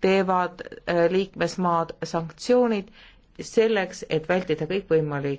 teevad äh, liikmesmaad sanktsioonid selleks, et vältida kõikvõimalikke